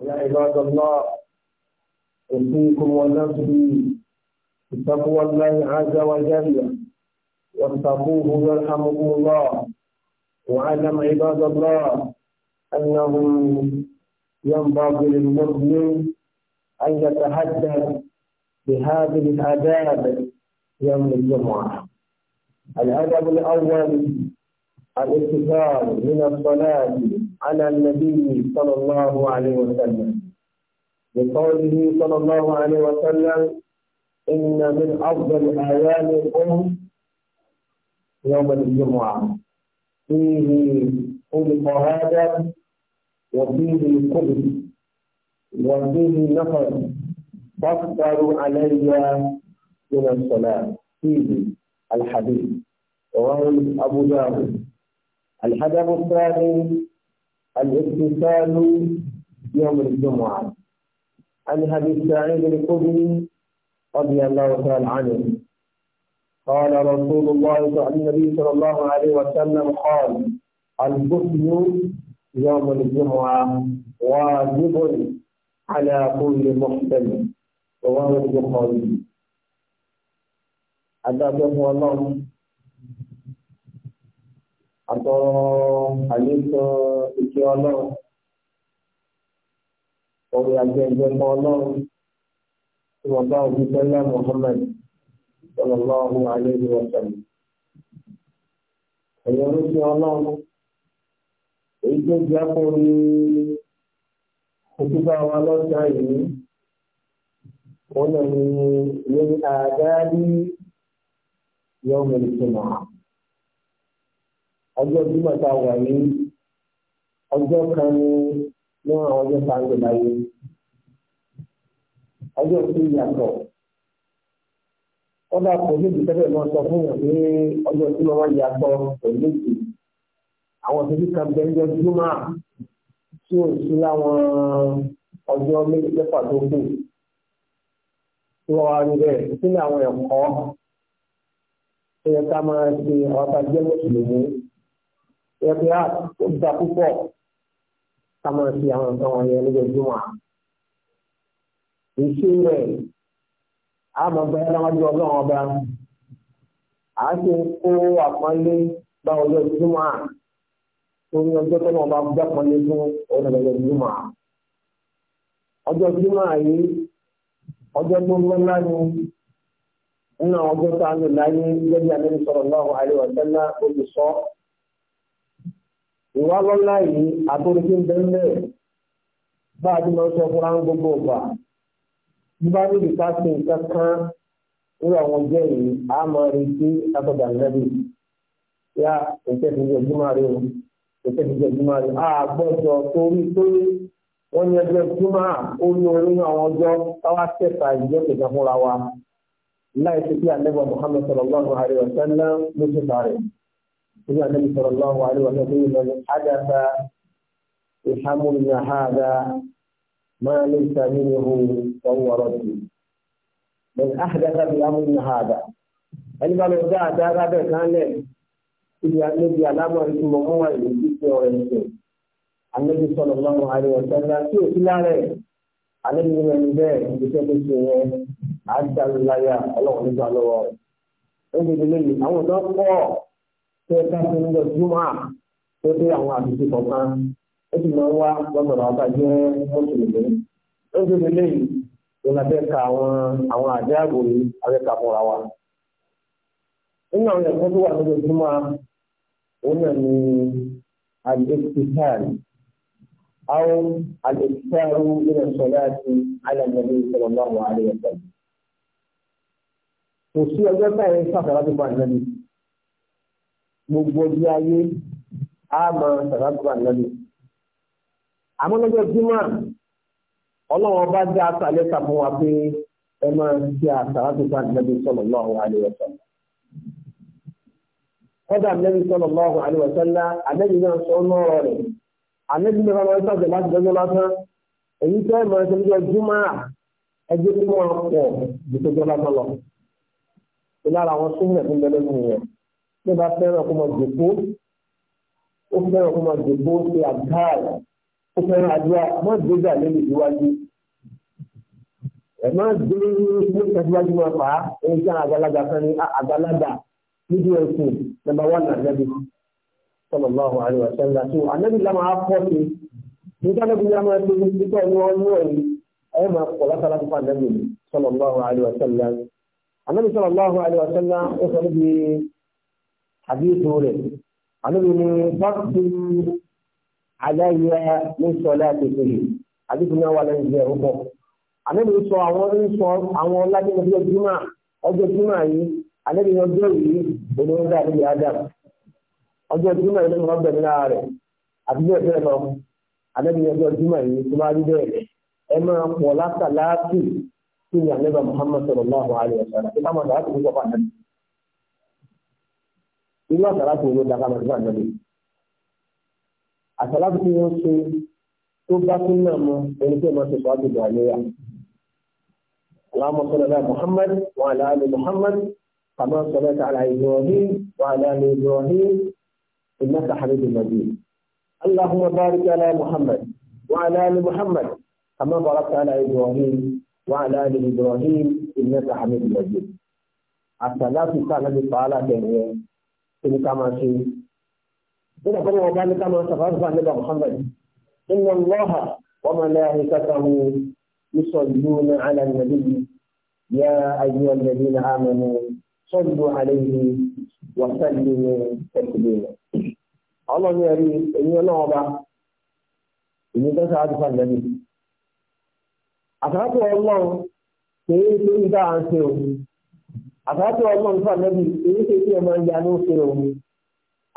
يا عباد الله أوصيكم ونفسي بتقوى الله عز وجل واتقوه يرحمكم الله واعلم عباد الله أنه ينبغي للمسلم أن يتحدث بهذه الآداب يوم الجمعة الأدب الأول الاتصال من الصلاة على النبي صلى الله عليه وسلم بقوله صلى الله عليه وسلم إن من أفضل الام يوم الجمعة فيه خلق هذا وفيه كبر وفيه نفر فاقدروا علي من الصلاة فيه الحديث رواه أبو داود الحدث الثاني الاغتسال يوم الجمعة عن أبي سعيد الخدري رضي الله تعالى عنه قال رسول الله النبي صلى الله عليه وسلم قال الغسل يوم الجمعة واجب على كل محسن رواه البخاري أدابه الله àtọrọ àlékọ ìṣe ọlọ́run orí àjẹjẹ mọ ọlọ́run tí wọ́n bá òbí tẹ́lẹ̀ Muhammad sallallahu alaihi wa sallam. ẹ̀yọ́ ló ṣe ọlọ́run èyí tó jẹ́ fún ní òkúta wa lọ́sàn-án yìí ọjọ́ Jímọ̀ tá a wà ní ọjọ́ kan ní níwọ̀n àwọn ọjọ́ tá a ń gbé láyé ọjọ́ tó yàtọ̀ kọ́dà kò ní ìdíkẹ́tẹ̀ náà sọ fún yàn pé ọjọ́ tí wọ́n wá yàtọ̀ kò ní ìdí àwọn tó ní kan bẹ́ńjọ́ Jímọ̀ tí ò sí láwọn ọjọ́ mẹ́fà tó kù tí wọ́n wá rí bẹ́ẹ̀ sílẹ̀ àwọn ẹ̀kọ́ tó yẹ ká máa ṣe ọ̀tá jẹ́ mùsùlùmí. Ya ah, á ó da púpọ̀ siang máa fi àwọn nǹkan wọ̀nyẹn lójoojúmọ́ à. ìṣe rẹ̀ a máa bẹ ẹlẹ́wájú ọlọ́run ọba a ṣe kó àpọ́nlé bá ọjọ́ ìjúmọ́ à torí ọjọ́ tó náà bá dápọ́nlé fún ọ̀nàdàjọ́ ìjúmọ́ à. ọjọ́ ìjúmọ́ yìí ọjọ́ tó ń lọ́lá ni sallallahu alaihi Wasallam sallam ó ìwà lọ́lá yìí àtòrìkí ń bẹ́ńbẹ́ bá a ti máa ń sọ fúnra ń gbogbo ọ̀gbà bí bá níbi ká sí nǹkan kan nínú àwọn ọjọ́ yìí a máa retí látọ̀dà nẹ́bí yá ìtẹ́sí ní ọdún máa rí o ìtẹ́sí ní ọdún máa rí a gbọ́dọ̀ torí pé wọ́n ní ẹgbẹ́ túmọ̀ ó orí ní àwọn ọjọ́ táwa tẹ̀sà ìjẹ́ kẹta fúnra wa láì sí pé àlẹ́bọ̀ Muhammad sallallahu alaihi wa sallam ló ṣe sáré. هو النبي صلى الله عليه وسلم من حدث يحملنا هذا ما ليس منه فهو رد من أحدث بأمرنا هذا ẹni bá lọ dá àdára bẹ́ẹ̀ kánlẹ̀ níbi àlámọ̀ ìtumọ̀ wọn wà ní ìdíje ọ̀rẹ́ ìṣẹ̀ àlejò sọ̀rọ̀ lọ́wọ́ àríwọ̀ sẹ́lá tí ò sí lára ẹ̀ àlejò rẹ̀ ní bẹ́ẹ̀ ìṣiṣẹ́ tó ṣe yẹn àádọ́láyà ọlọ́run nígbà lọ́wọ́ rẹ̀ ó gbèdé lẹ́yìn àwọn ọ̀dọ́ pọ̀ tí ó káfí ń lọ júmọ́ à tó dé àwọn àdúgbò kọ̀ọ̀kan ó sì máa ń wá lọ́gbọ̀dọ̀ ọba jẹ́ mọ́tòlùmí ó ń gbé lẹ́yìn ló la fẹ́ ka àwọn àwọn àdé àgbò yìí abẹ́ka fúnra wa. nínú àwọn ẹ̀kọ́ tó wà lójoojúmọ́ à òun náà ni al-iktisal aw al-iktisal ala an-nabi sallallahu alayhi wa sallam. kò sí ọjọ́ táyé sáfàrà tó bá nàbí gbogbo bí ayé á mọ sàràkùnrin ànábì. àmọ́ lọ́jọ́ jímọ̀ ọlọ́run bá dá àtàlẹ́ta fún wa pé ẹ máa ń ṣe àsàràkùnrin ànábì sallallahu alaihi wasallam. kọ́dà ànábì sallallahu alaihi wasallam ànábì náà sọ lọ́rọ̀ rẹ̀ ànábì náà máa ń sọ̀tẹ̀ láti dọ́jọ́ lásán èyí tẹ́ ẹ máa ń ṣe lọ́jọ́ jímọ̀ kí wọ́n pọ̀ tó bá fẹ́ràn kó mọ jòkó ó fẹ́ràn kó mọ jòkó ṣe àgbáàl ó fẹ́ràn àdúrà mọ́ gbégbà lẹ́yìn ìwájú ẹ̀ má gbé ní ìtẹ̀síwájú máa fà á ẹni tí àwọn àgbàlagbà kan ní ah, àgbàlagbà níbi ẹ̀sìn nàmbà wà nàgbàbí sallallahu alaihi wasallam tó ànábì lámà á pọ̀ sí nígbà náà bí lámà ṣe ní títọ́ ní wọn ní ọ̀yìn ẹ̀ máa pọ̀ látara fún ànábì sallallahu alaihi wasallam ànábì sallallahu alaihi wasallam ó sọ níbi àdéhùn rẹ̀ àlóbi ni bọ́ọ̀sì aláìyá ní sọlá kékeré àdéhùn náà wà lẹ́yìn ìgbẹ́ ọkọ̀ àlóbi sọ àwọn ń sọ àwọn ọlájẹ́ ọjọ́ jùmọ̀ ọjọ́ jùmọ̀ yìí àlóbi ọjọ́ yìí olóńgbà àlóbi adam ọjọ́ jùmọ̀ yìí ló ń wọ́n bẹ̀rẹ̀ lára rẹ̀ àti bẹ́ẹ̀ bẹ́ẹ̀ lọ àlóbi ọjọ́ jùmọ̀ yìí tó máa rí bẹ́ẹ̀ ẹ máa pọ̀ látàlátì sí ìyànnẹ́bà Muhammad sallallahu alayhi wa sallam irú àsàlátù wo ló da káma nígbà náà lè àsàlátù tí wọ́n ṣe tó bá tún náà mọ ẹni tó máa ṣe sọ àti ìgbà níyà اللهم صل على محمد وعلى ال محمد كما صليت على ابراهيم وعلى ال ابراهيم انك حميد مجيد اللهم بارك على محمد وعلى ال محمد كما باركت على ابراهيم وعلى ال ابراهيم انك حميد مجيد الصلاه كانت تعالى تنهي ní ká máa ṣe. Nígbà tó wọn bá ní ká máa ṣàfáà fún àníbà Muhammad. Inna Allaha wa malaikatahu yusalluna ala nabi ya ayyuhal ladina amanu sallu alayhi wa sallimu taslima. Ọlọ́run ní ẹ̀rí èyí ọlọ́run ọba tó ṣáájú fún àníbà. Àtàkùn ọlọ́run kì í ṣe ìdá à òun àbájọ ọlọ́run fún àmẹ́bí èyí ṣe kí ọmọ ìyá ló ṣe òun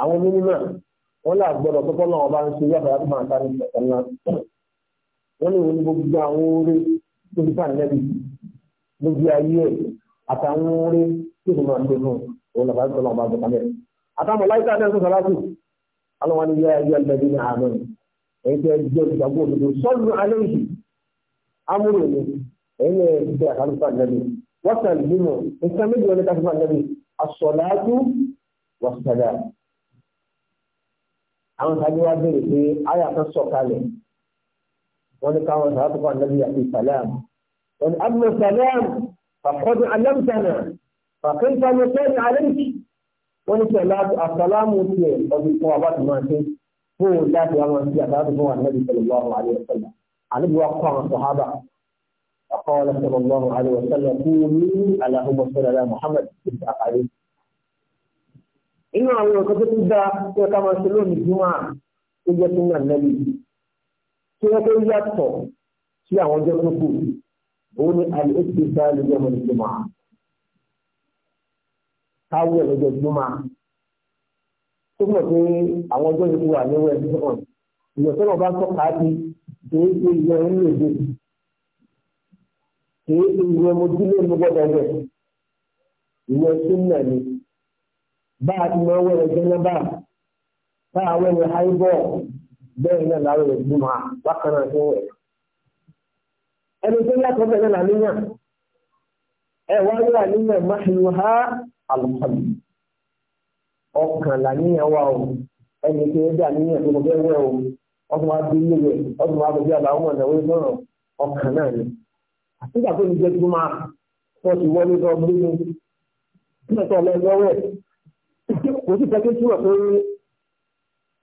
àwọn onímọ̀ wọn là gbọdọ̀ pípọ́ náà ọba ń ṣe yá àbájọ máa ta ní ìṣẹ̀lá wọn ní wọn ní gbogbo àwọn oore tó ń fà nẹ́bí lójú ayé ẹ̀ àtàwọn oore tó ń máa ṣe fún òun làbá ìṣẹ̀lá ọba àgbẹ̀ta mẹ́rin àtàwọn láìka náà ń sọ láti ni yá ẹgbẹ́ ẹgbẹ́ ẹ̀ wọ́sàn nínú nǹkan méjì wọn ní ká fún àgbẹ̀bí asọ̀láàtú wọ̀sàdà. àwọn ìtajú wa béèrè pé àyà kan sọ̀ kalẹ̀ wọ́n ní káwọn sàlátù fún àgbẹ̀bí àti sàlám. wọ́n ní abúlé sàlám fàkọ́dún alámsánà fàkẹ́ńtà ló sẹ́yìn àlẹ́kì. wọ́n ní sọ̀lá àsàlámù tiẹ̀ ọdún fún wa bá ti máa ṣe fún láti wá máa ṣe àsàlátù fún àgbẹ̀bí sọ̀lá فقال صلى الله عليه وسلم قولوا اللهم صل على محمد صلى الله عليه inú àwọn nǹkan tó tún dáa tí ẹ ká máa ṣe lónìí júmọ́ tó jẹ́ sínú ànábì tí wọ́n tó yàtọ̀ sí àwọn ọjọ́ tó kù òun ni àlèkè sáà lójọ́ mọ́ ní júmọ́ káwọ́ lójọ́ júmọ́ tó mọ̀ pé àwọn ọjọ́ yìí wà níwẹ̀ níwọ̀n ìyọ̀tọ̀ náà bá tọ́ka bí kì í ṣe ìyọ̀ ń lòdì kì í ṣe ìwé ọmọdúlé mi gbọ́dọ̀ ìwé súnmọ̀ ni bá a ti mọ owó rẹ̀ jẹ́nẹ́bà bá àwọn ẹ̀rọ àìbọ̀ bẹ́ẹ̀ náà láwọn ẹ̀rọ gbọ́mọ bákan náà tó wẹ̀. ẹni tó wá àníyàn ha àlùkọ́lù ọkàn làníyàn wà o ẹni tó yẹ àníyàn tó o ọkùnrin wa bí ilé rẹ̀ ọkùnrin wa àbáwọn ọ̀nà ọkàn náà ni. nígbà tó ní jẹ́ tó máa wọ́n ti wọlé lọ gbógun nígbà tó lọ lọ́wọ́ ẹ̀ kò sí tẹ́kẹ́ tí pé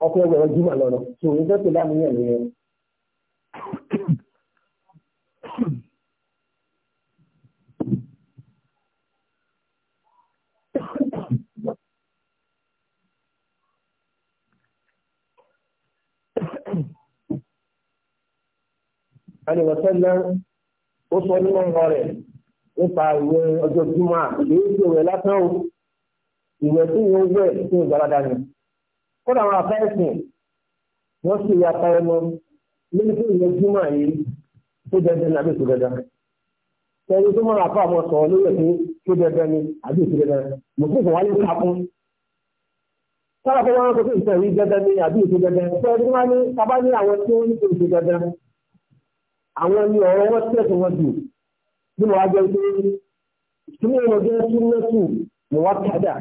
ọkọ̀ ẹ̀wọ̀ ọdún mà lọ́nà tí òun fẹ́ tó dámú yẹn nìyẹn. عليه وسلم ó sọ nínú ọ̀rọ̀ rẹ̀ nípa ìwé ọjọ́ júmọ́ èyí tí ìwé lásán o ìwé tí ìwé wẹ̀ sí ìgbàlódà ni kódà àwọn afẹ́sìn wọ́n sì ya pa ẹnu lórí tí ìwé júmọ́ yìí tó dandan ní àbí ètò dandan tẹ̀lé tó máa fà mọ́ sọ̀rọ̀ lórí ẹ̀ tó dandan ní àbí ètò dandan mùsùlùmí kò wáyé kakún sábà tó wọ́n sọ pé ìtẹ̀wé dandan ní àbí ètò dandan tẹ̀lé tó máa ní sábà ní àwọn tí wọ́n àwọn ni ọ̀rọ̀ wọn tẹ̀sán wọn jù bí wọ́n á jẹ́ pé kí ni wọ́n jẹ́ súnmẹ́sù ni wọ́n kádà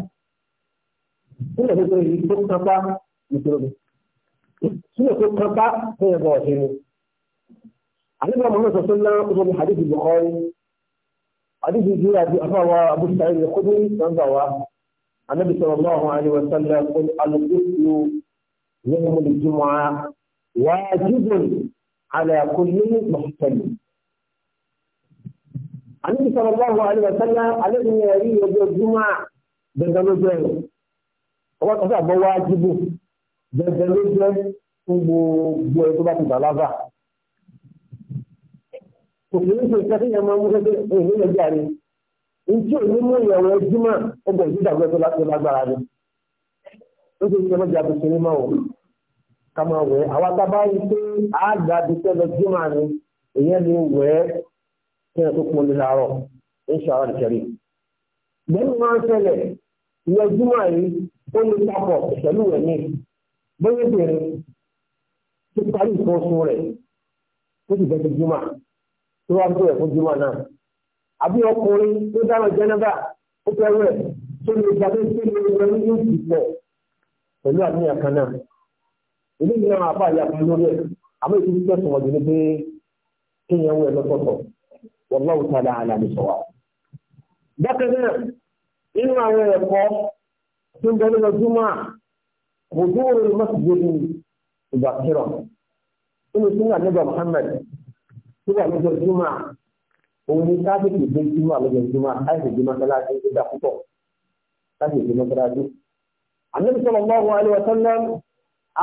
sílẹ̀ tó tẹ̀lé tó kápá ìṣòro sílẹ̀ tó kápá tó yẹ bọ̀ ọ̀sẹ̀ ni. àlejò àwọn ọmọ sọ̀tún náà ó sọ fún hadith Bukhari hadith yìí àti afáwa Abu Sa'id al-Khudri náà gbà wá anabi sallallahu alaihi wa sallam alukuru yẹn mo lè jùmọ̀ على كل محتمل النبي صلى الله عليه وسلم الذي يري يوم الجمعة دندنوجه هو كذا بواجب دندنوجه gbogbo ẹ tó bá ti bàlágà kò kí n ṣe ìṣẹ́ fún ìyàmọ́ amúṣẹ́ṣẹ́ èyí lè jà ní ntí òní mú ìyàwó ẹjú mọ́ ọgbọ̀n ìdídàgbẹ́ tó lágbára ni ó ṣe ìṣẹ́ mọ́jà tó ṣe ní mọ́ òun kama wẹ̀ àwọn tábà yìí pé àgbà dùkẹ́ lọ jùmọ̀ ni èyàn lè wẹ̀ kí ẹ̀ tó pọ̀ lè láàárọ̀ ìṣàrọ̀ ìṣẹ̀rí. Bẹ́ẹ̀ni máa ń ṣẹlẹ̀ ìyẹn jùmọ̀ yìí ó lè papọ̀ pẹ̀lú ẹ̀ ní bóyá bèrè tó parí ìfọ̀sọ rẹ̀ tó sì bẹ́ẹ̀ jùmọ̀ tó wá bẹ̀rẹ̀ fún jùmọ̀ náà. Àbí ọkùnrin tó dáná jẹ́nẹ́bà ó fẹ́ wẹ̀ tó lè gbàgbé sí ilé ìwé ní ìdìbò pẹ̀lú àníyàn kan náà ilé ìlú náà àbá àyà kan lórí ẹ̀ àmọ́ ètò ìgbésẹ̀ sọ̀rọ̀ ọ̀dùn ni pé kéèyàn wọ ẹ lọ́tọ̀ọ̀tọ̀ wallahu ta'ala a'lam bissawab. bákan náà inú àwọn ẹ̀kọ́ tó ń bẹ nínú júmọ́ huduru al-masjid ìgbà kírọ̀ inú sunna nígbà Muhammad nígbà lọ́jọ́ júmọ́ òun ni káfíìkì dé júmọ́ lọ́jọ́ júmọ́ káfíìkì dé mọ́sálásí ìgbà púpọ̀ káfíìkì dé mọ́sálásí. àmì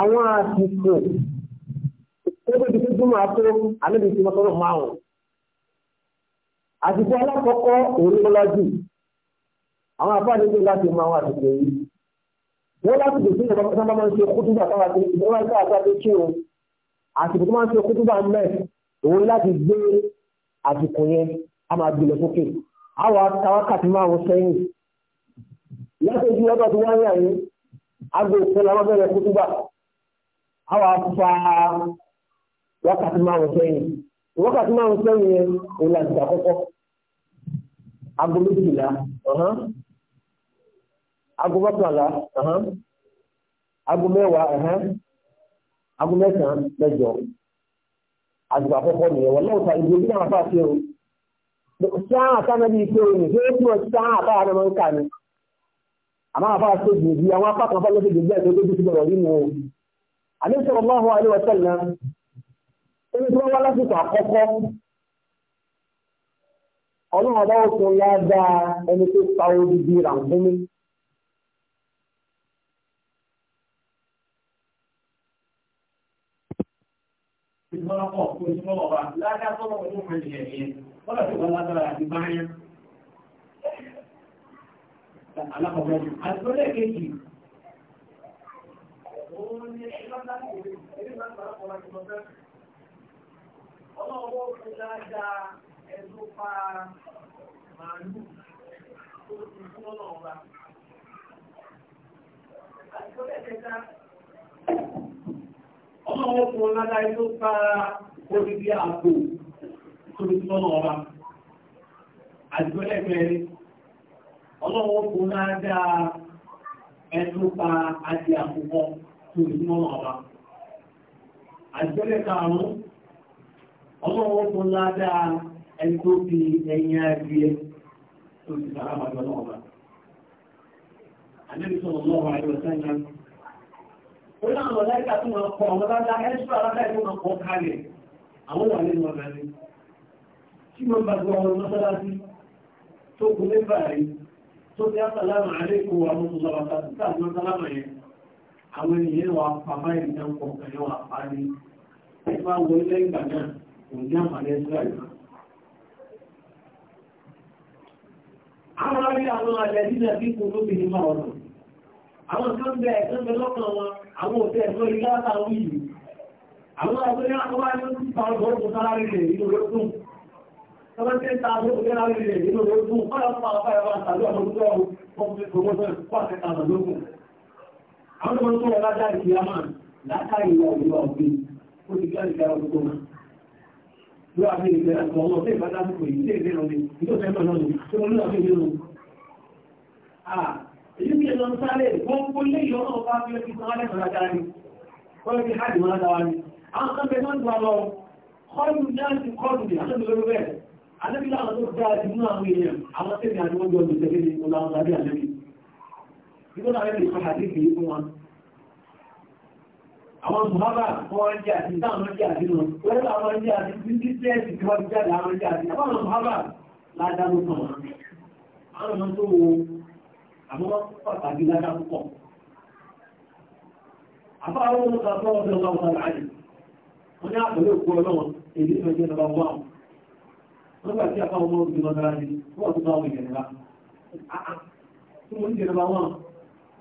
àwọn àsìkò tó ti tó máa tó àlébi tí wọ́n tọ́lọ̀ márùn-ún. àsìkò alákọ̀ọ́kọ́ òun ló lọ́jú àwọn àfáàní tó láti mọ àwọn àsìkò yìí. wọ́n láti dè sí ìjọba tó sábà máa ń ṣe kútúbà káwá sí ìjọba tó àgbà tó kí òun àsìkò tó máa ń ṣe kútúbà mẹ́ òun láti gbé àsìkò yẹn a máa gbé sókè àwọn àtàwákàtí márùn-ún sẹ́yìn látọ̀jú àwọn afufa wákàtí márùn sẹ́yìn wákàtí márùn sẹ́yìn yẹn òun là ń gbà kọ́kọ́ aago méjìlá aago mọ́kànlá aago mẹ́wàá aago mẹ́sàn-án mẹ́jọ àgbà kọ́kọ́ nìyẹn wọ́n lọ́wọ́ ta ìgbè ní àwọn afáàfẹ́ o sáà àtàmẹ́bí ìpè òní tó ń tún ọ sáà àtàwọn ọmọ ń kà ní àmọ́ àfáàfẹ́ gbèbí àwọn apá kan fọ́lọ́fẹ́ gbèbí ẹ̀ tó tó tó ti bọ̀rọ̀ nínú òun àdéhùn ọlọ́run àríwá tẹ̀lé ẹni tí wọ́n wá lásìkò àkọ́kọ́ ọlọ́run ọba ó tún ládàá ẹni tó pa odidi ràǹfúnmi. Ìgbọ́n ọkọ̀ òfin ìṣúná ọba ládàá tó lọ́wọ́ ní ìmọ̀ ìjẹ̀ àti báyẹn. Alákọ̀ọ́bẹ̀rẹ̀ òun ni ẹgbẹ́ láti èrè èrè láti bàbá kọ́ra jùlọ fẹ́. ọlọ́wọ́ fi dáadáa ẹ̀dùn pa màálù tó ti fún ọlọ́wọ́ bá. àìsọ́ lẹ́ẹ̀kẹta ọlọ́wọ́ fún ọlọ́dá ẹ̀dùn pa odidi àpò tó ti fún ọlọ́wọ́ bá. àìsọ́ lẹ́ẹ̀kẹrin tó ìsúnmọ́ ọba àjẹ́lẹ̀ fún ládàá ẹni tó fi ẹ̀yìn adìẹ tó ti sàrà ndị náà ọba àjẹ́lẹ̀ lọ́wọ́ àjọ sẹ́yìn ó láwọn ọ̀lẹ́gbà tó máa kọ ọmọ dáadáa kalẹ̀ àwọn wà nínú tí bá gbọ́ ọmọ tó tó àwọn ènìyàn wà pàmà ìrìnà pọ̀ pẹ̀lú àpá ẹgbà wọ ilẹ̀ náà kò ní àmàlẹ́ israẹli àwọn arí àwọn alẹ́ nílẹ̀ bí kò ló bìí máa ọ̀nà àwọn tó ń bẹ ẹ̀sán bẹ lọ́kàn wọn àwọn òtẹ́ ẹ̀sọ́ ilé látàwọn yìí àwọn àgbẹ̀rẹ̀ àwọn wáyé ó ti pa ọgbọ̀n kò sára rí rẹ̀ nínú lókùn Ọlọ́pẹ́ ta ló gbé lárí rẹ̀ nínú lókùn, ọlọ́pàá ọ̀pá ẹ̀wọ̀n àtàlú ọmọdúnrọ̀ ọmọdúnrọ̀ pọ̀pẹ̀ ọmọdúnrọ̀ pọ̀pẹ̀ àmàlógún àwọn ọmọ tó ọlá dárí ti àmà látàrí ìwà ìwà ọ̀gbìn ó ti gbá ìgbà ọ̀gbìn náà ló àmì ìgbẹ́ àti ọmọ tó ìbá dárí kò ìdílé ìgbẹ́ ọ̀gbìn tó fẹ́ mọ̀ náà tó wọ́n lọ́wọ́ fi nínú. èyí ti lọ sáré wọ́n kó lé ìyọ́ náà bá fi ọtí sanwó lẹ́sọ̀ látara ni wọ́n fi hajj máa dára ni àwọn kan bẹ máa ń gbà lọ kọ́lù dáńtì kọ́lù ní àtọ́jú lórí bẹ́ẹ̀ Ìjọba rẹ̀ lè fàájì kì í fún wọn. Àwọn Mùhábà wọ́n jẹ́ àti dáwọn jẹ́ àti lọ. Wẹ́lá àwọn jẹ́ àti títí tẹ́ẹ̀sì kí wọ́n jáde àwọn jẹ́ àti. Àwọn Mùhábà ládáwó kan wọn. Àwọn ọmọ tó wo àwọn pàtàkì ládá púpọ̀. Àbá àwọn ọmọ kan tó wọ́n fi lọ́wọ́ wọn láàyè. Wọ́n ní àpẹẹrẹ òkú ọlọ́run èdè ìfẹ́jẹ́ lọ́wọ́ wọn. Wọ́n gbà sí àpá ọmọ òbí lọ́dọ́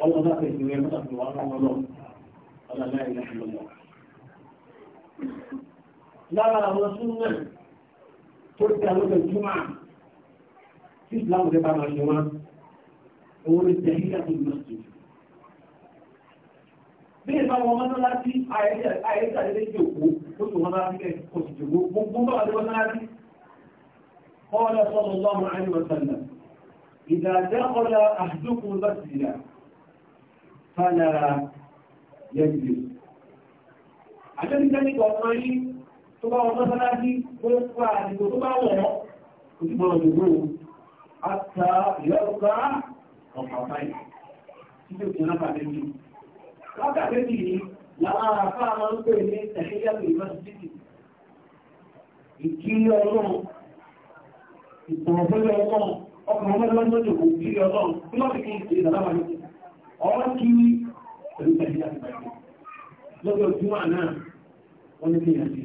والله ما في سوى ما في وانا والله والله لا اله الا الله لا لا هو سنة تركي الجمعة في إسلام ربع الجمعة هو التحية في المسجد bí ìbá wọn mọ́tọ́ láti àyẹ́sàlẹ́lẹ́ ìjòkó ó sì wọ́n láti kò sì jòkó gbogbo bá wà lọ́wọ́ láti قال صلى الله عليه وسلم إذا دخل أحدكم المسجد fàlà yẹ̀dìlẹ̀. Àjọ́dìjẹ́ nípa ọmọ yí tó bá wọn mọ́sánlá sí gbogbo àdìgbò tó bá wọ̀ ọ́, kò sí mọ́rọ̀ dìgbò àtà ìyọ́gbà ọ̀pàpáì. Títí òkè náà pàdé mi. Lákàtẹ́ bì ní làwọn àràfà máa ń pè ní ẹ̀ṣẹ́yàgbè yunifásitì. Ìkírí ọlọ́run, ìtàn ọ̀fẹ́lẹ́ ọlọ́run, ọkùnrin ọmọdé lọ́jọ́ ìkòkò ọ́ọ́kí pẹ̀lú pẹ̀lú láti pàdé lọ́gbẹ̀ òjúmọ̀ náà wọ́n ní kéèyàn sí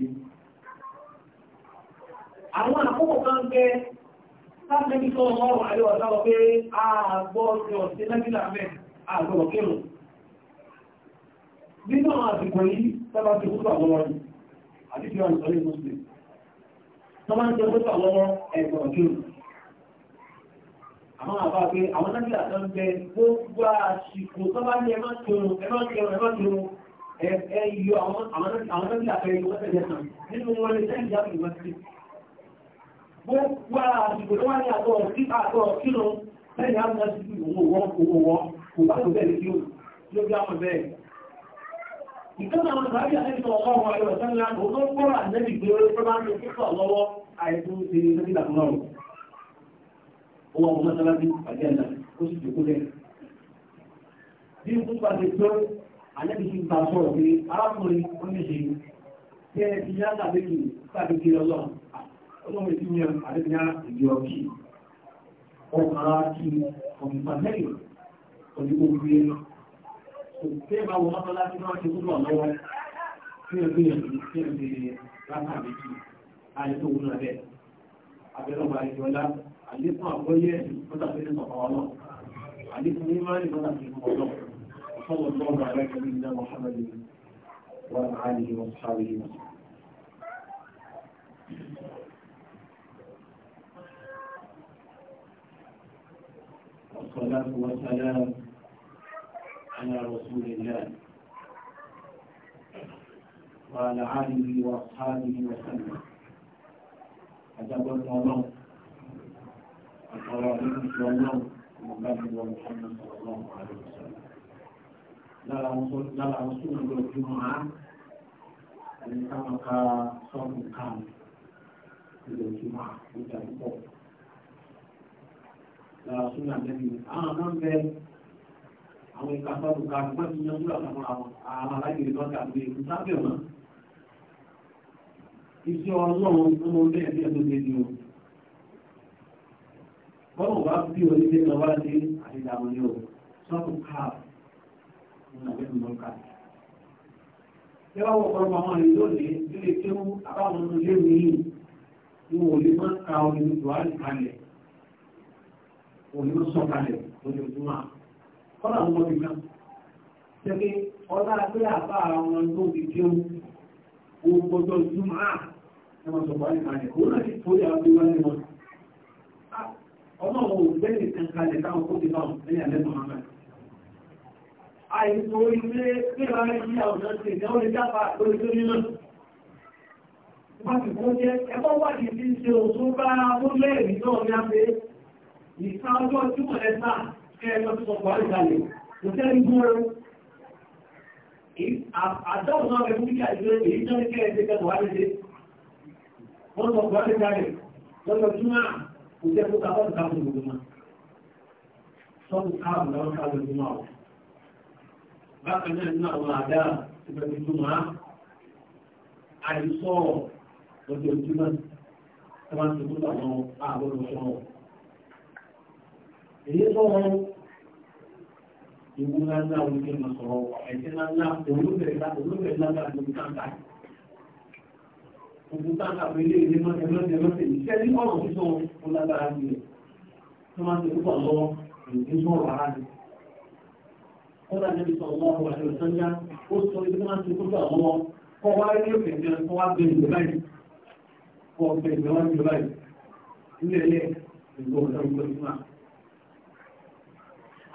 àwọn àkókò kan gẹ́ sáàmì tó ọmọ àríwá sáwọ pé àgbọ́ ọ̀sẹ̀ ọ̀sẹ̀ lẹ́gbẹ̀lá mẹ́ àgbọ̀ kírùn nínú àwọn àsìkò yìí sábà ti kúrò àwọn ọ̀rọ̀ àti àwọn àbá àwọn nábìlà tó ń bẹ gbogbo àsìkò tó bá ní ẹmọ́ tó ẹmọ́ tó ẹmọ́ tó ẹ yọ àwọn nábìlà fẹ́ yọ wọ́n tẹ̀lé sàn nínú wọn lè sẹ́yìn jáde ìwọ́n sí. gbogbo àsìkò tó wá ní àgọ́ sí àgọ́ kírò lẹ́yìn àwọn náà ti owó wọn owó wọn kò bá tó bẹ́ẹ̀ kí ó bí àwọn bẹ́ẹ̀. ìtọ́nà àwọn ìbáraẹ̀bí àtẹ́sọ̀ ọlọ́run ayọ̀ ó wà mọ́ sára bí pàdé àná ó sì dùkú lẹ̀. bí ikú bá ti tó alẹ́bí ti ta sọ̀rọ̀ pé arákùnrin ó ní ṣe kí ẹ ti yá tàbí kì tàbí kì lọ́lọ́ ọlọ́run ti yan àdébí yá ìdí ọkì ọkàn ara kí ọ̀gbìn pàtẹ́yìn ọ̀dí ogun yẹn kò tẹ́ bá wọ mọ́tọ́lá tí wọ́n ti kúrò lọ́wọ́ tí ó gbé yẹn tí ó gbé yẹn látàbí kì àìsí òun náà bẹ́ẹ̀ abẹ́rẹ́ ọba ìjọba àlékún àgbọ́yé pàtàkì ní ọ̀pọ̀ ọlọ́run àlékún ní máa ní pàtàkì ní ọlọ́run ọ̀sọ́wọ́ tó wà rẹ̀ kẹ́lí ní Muhammad wà láàrin wọn sáré wọn. والصلاة والسلام على رسول الله وعلى آله وأصحابه وسلم أتقوا الله àtàrà ìrìnṣẹ́ ọlọ́run ọmọdájúwọ́ mọ́sánà ọlọ́run àríwísàn lára àwọn súnmọ̀ lọ jù máa ẹni káwọn ká sọ́ọ̀mù káàmù ilẹ̀ jù máa ó jà púpọ̀ lára súnmọ̀ lẹ́yìn àwọn kan bẹ àwọn ìka sọ́ọ̀mù káàmù wọ́n ti yanjú àtàwọn àwọn alágbèrè tó ń tàbí èkó sábẹ̀ wọn iṣẹ́ ọlọ́run tó mọ bẹ́ẹ̀ bí ẹ̀ tó bọ́ọ̀lù bá bí orí pé lọ wá sí àdídà wọn o sọ́ọ̀tù káàpù nínú àgbẹ̀ tó lọ́ka. ṣé wàá wọ ọ̀pọ̀lọpọ̀ àwọn ìlú òní nílé tí ó àbáwọn ọmọ ilé mi yìí ni wọ́n lè máa ka omi buhari kalẹ̀ wọ́n lè sọ kalẹ̀ lójoojúmọ́ kọ́lá àwọn ọmọdé kan ṣe pé ọlá pé àbá àwọn tó ti dé òun gbọdọ̀ júmọ́ à ẹ̀ máa sọ buhari kalẹ̀ òun náà ọmọ wo kankanlẹ̀ táwọn kó ti báwọn lẹ́yìn alẹ́ mọ̀mọ́ àìsàn orí pé nígbà rẹ̀ ọ̀nà ti ìdáwọ́ lè dápa lórí tó nínú wọ́n kó jẹ́ ẹgbọ́ wà ní ti ṣe òṣùn bá ó lẹ́rìí náà ní abẹ́ ìta ọjọ́ tí wọ́n lẹ́ sá kẹ́ ẹjọ́ tó sọpọ̀ àríkàlẹ̀ kò tẹ́rí gbọ́rọ̀ àdáwọ̀ rẹ̀ fún ìyá ìjọ èyí tó ní kẹ́ ẹjẹ́ kẹ́ wọ́n sọpọ̀ àríkàlẹ̀ lọ́jọ́ kò jẹ́ kó ká ọ̀dùn káàbù gbogbo máa sọ́dún káàbù láwọn káàbù gbogbo máa wọ̀ bákan náà nínú àwọn àdá ìbẹ̀rẹ̀ tó máa àìsọ̀ lọ́jọ́ ojúmọ́ tí wọ́n ti kúrò àwọn àgbọ̀dọ̀ sọ̀rọ̀ èyí sọ̀rọ̀ ìwúlá ńlá oníkẹ́ máa sọ̀rọ̀ ẹ̀jẹ̀ ńlá olóbẹ̀rẹ̀ lágbàdo ní káńtà yìí òkú táǹkà pé ilé ìdí mọ́ ẹgbẹ́ ọ̀sẹ̀ lọ́sẹ̀ yìí ṣẹ́ ní ọ̀rọ̀ sísọ ó lágbára sí rẹ̀ tó máa ń ṣe púpọ̀ lọ́wọ́ èyí tó ọ̀rọ̀ ara rẹ̀. kọ́dà níbi sọ ọmọ ọmọ àti ọ̀sánjá ó sọ ibi tó máa ń ṣe púpọ̀ lọ́wọ́ kọ́ wá ilé òkè jẹ kọ́ wá bẹ ìgbẹ́ báyìí kọ́ bẹ ìgbẹ́ wá ìgbẹ́ báyìí ilé ilé ìgbẹ́ ọ̀dọ́ ìgbẹ́ ìgbà.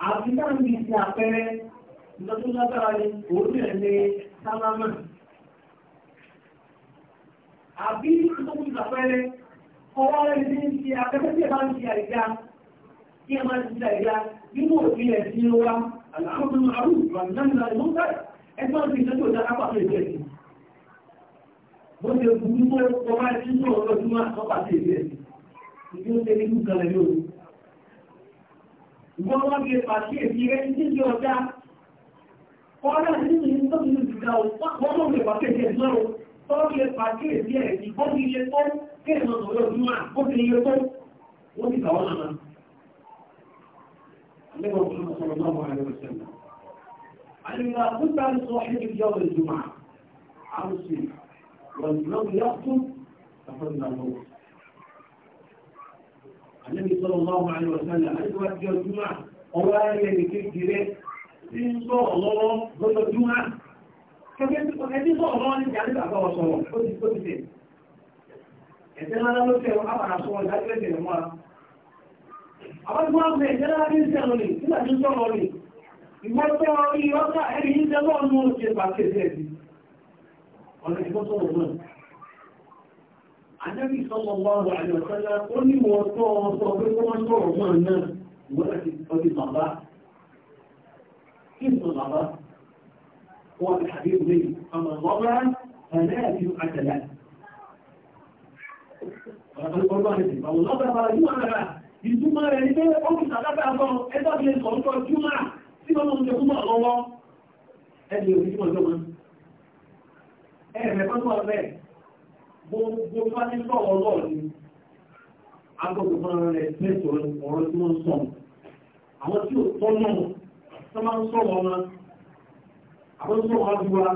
àfi táwọn ibi ti àpẹẹrẹ ìtọ́jú lágbára ni òun àbí ìtòkùn ìgbàpẹ́lẹ́ ọwọ́ rẹ̀ ti ń fi afẹ́fẹ́ tí ẹ bá ń fi àìga kí ẹ máa ti fi àìga nínú òfin ẹ̀ sí ló wá aláàbùn àrùn ìgbàmìnàmìnà ìmú bẹ́ẹ̀ ẹgbẹ́ òfin ìṣẹ́jú ìjà kápákọ̀ ìjẹ́ sí bó ṣe burú mọ́ ọba ẹ̀ tí ń sọ̀rọ̀ lọ́dún máa kọ́ pàṣẹ ìjẹ́ sí ìdí ó ṣe nínú kan lẹ́yìn òru ìwọ́n wọ́n fi pàṣẹ èsì rẹ̀ ní ti ọjà ọ̀rẹ́ nínú ìṣẹ́jú ìjà ò tọ́jú lè pàdé èdè ẹ̀ ní bó ti yẹ tó kí ẹ̀nà ọ̀dọ́ ọdún máa bó ti yẹ tó wọ́n ti kàwọ́ nàmá. Lẹ́wọ̀n kò lọ́wọ́ sọ̀rọ̀ náà wọ́n á lọ́wọ́ sẹ́nu. Àlùfáà kúta ń sọ ẹni bí ọ̀rọ̀ ìjùmọ̀ àwọn sì wọ́n lọ́wọ́ yá tó àfọ́n náà lọ́wọ́. Àlẹ́bí sọ̀rọ̀ náà wọ́n á lọ́wọ́ sẹ́nu. Àlùfáà kúta ń sọ ẹni bí ọ̀rọ̀ ìjùmọ̀ Àwọn ìgbọ́n ọ̀pẹ̀ ìjẹ́lára ní ìṣẹ́lú ní nígbà tí ó sọ́rọ̀ ní ìgbọ́pẹ́ orí ọ́ta ẹni ìjẹ́lọ́ ọmọ òṣè pàṣẹ ẹ̀sì. Ọ̀nà ìgbọ́sọ̀rọ̀ náà. Àjẹ́bí sọ́lọ̀ wọ́rọ̀ àjọ̀sọ́lá ó ní wọ́n tọ́ ọ̀sọ̀ pé kó wọ́n sọ̀rọ̀ náà náà ìwọ́n هو الحبيب منه فمن ضرع فلا يدعى له Àwọn ọlọ́pàá yóò ara ìtumọ̀ rẹ̀ ní pé ó kìí sàlápẹ́ àbọ̀ ẹgbàgbé sọ̀rọ̀ jùmọ̀ tí wọ́n mọ̀ jẹ́ fúnmọ̀ lọ́wọ́ ẹni òní jùmọ̀ jọmọ́. Ẹ̀rẹ̀ pẹ́kọ́ rẹ̀ gbogbo fásitọ̀ ọlọ́ọ̀ni agbọ̀gbọ̀n rẹ̀ mẹ́sọ̀rọ̀ ọ̀rọ̀ tí wọ́n sọ. Àwọn tí ó tọ́ náà àwọn tó wọ́n ju wa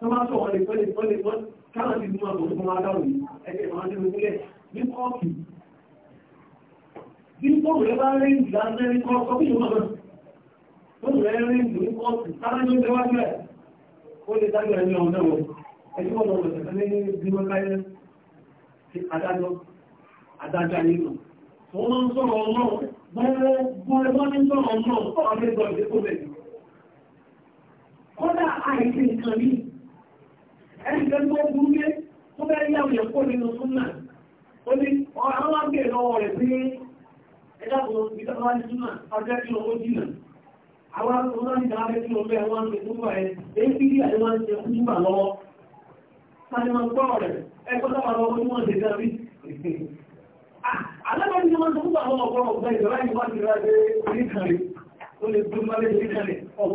tó máa tó wọ́n lè pẹ́ lè pẹ́ lè pẹ́ káwọn ti dúró àbò tó máa dáwò yìí ẹgbẹ́ ìwọ̀n ti rúkúlẹ̀ ní kọ́ọ̀kì bí kóòrò rẹ bá rẹ́ ìgbà mẹ́rin kọ́ọ̀kọ́ bí yóò máa kóòrò rẹ rẹ́ ìgbà ní kọ́ọ̀kì sára ní oúnjẹ wájú ẹ̀ ó lè dájú ẹni ọ̀hún náà wọ̀ ẹni wọ́n lọ wọ̀ sẹ̀kẹ́ ní bímọ káyẹ́ ti adájọ́ adájọ́ ayé nù wọ́n máa ń sọ̀rọ̀ ọlọ́run gbọ́n kódà àìsí nǹkan rí ẹgbẹ́ tó burú lé tó bẹ́ yà wùyẹ̀ kó nínú súnà ó ní àwọn àgbẹ̀ lọ́wọ́ rẹ̀ pé àwọn ọmọ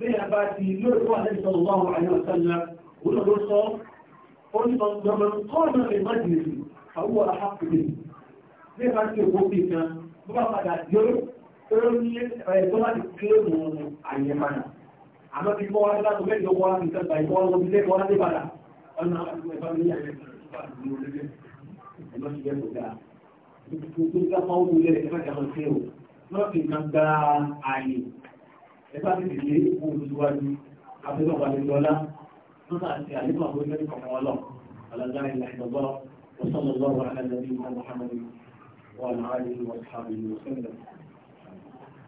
bẹ́ẹ̀ bá ti lóòtọ́ àlẹ́sọ̀ lọ́wọ́ àyọ̀sánlá olóòtọ́ sọ onígbọ̀ngbọ̀n kọ́ọ̀nà lè má jìnnì àwọn àhàkùnrin bẹ́ẹ̀ bá ti òkú bí kan bó bá padà yọ orílẹ̀ ẹ̀tọ́ láti kílèmù àyẹ̀mánà àmọ́ ti kọ́ wá láti mẹ́jọ wá ní kẹta ìkọ́ wọn bí lẹ́kọ́ wá débàdà ọ̀nà ẹ̀fà ní àyẹ̀mánà ẹgbà ti dìde fún olùsíwájú abẹ́lọ́pàá lẹ́jọ́lá lọ́nà àti àlébà orílẹ̀-èdè kọ̀ọ̀kan ọlọ́ alága ilẹ̀ ìdọ́gbọ́ وصلى الله على نبينا محمد وعلى اله وصحبه وسلم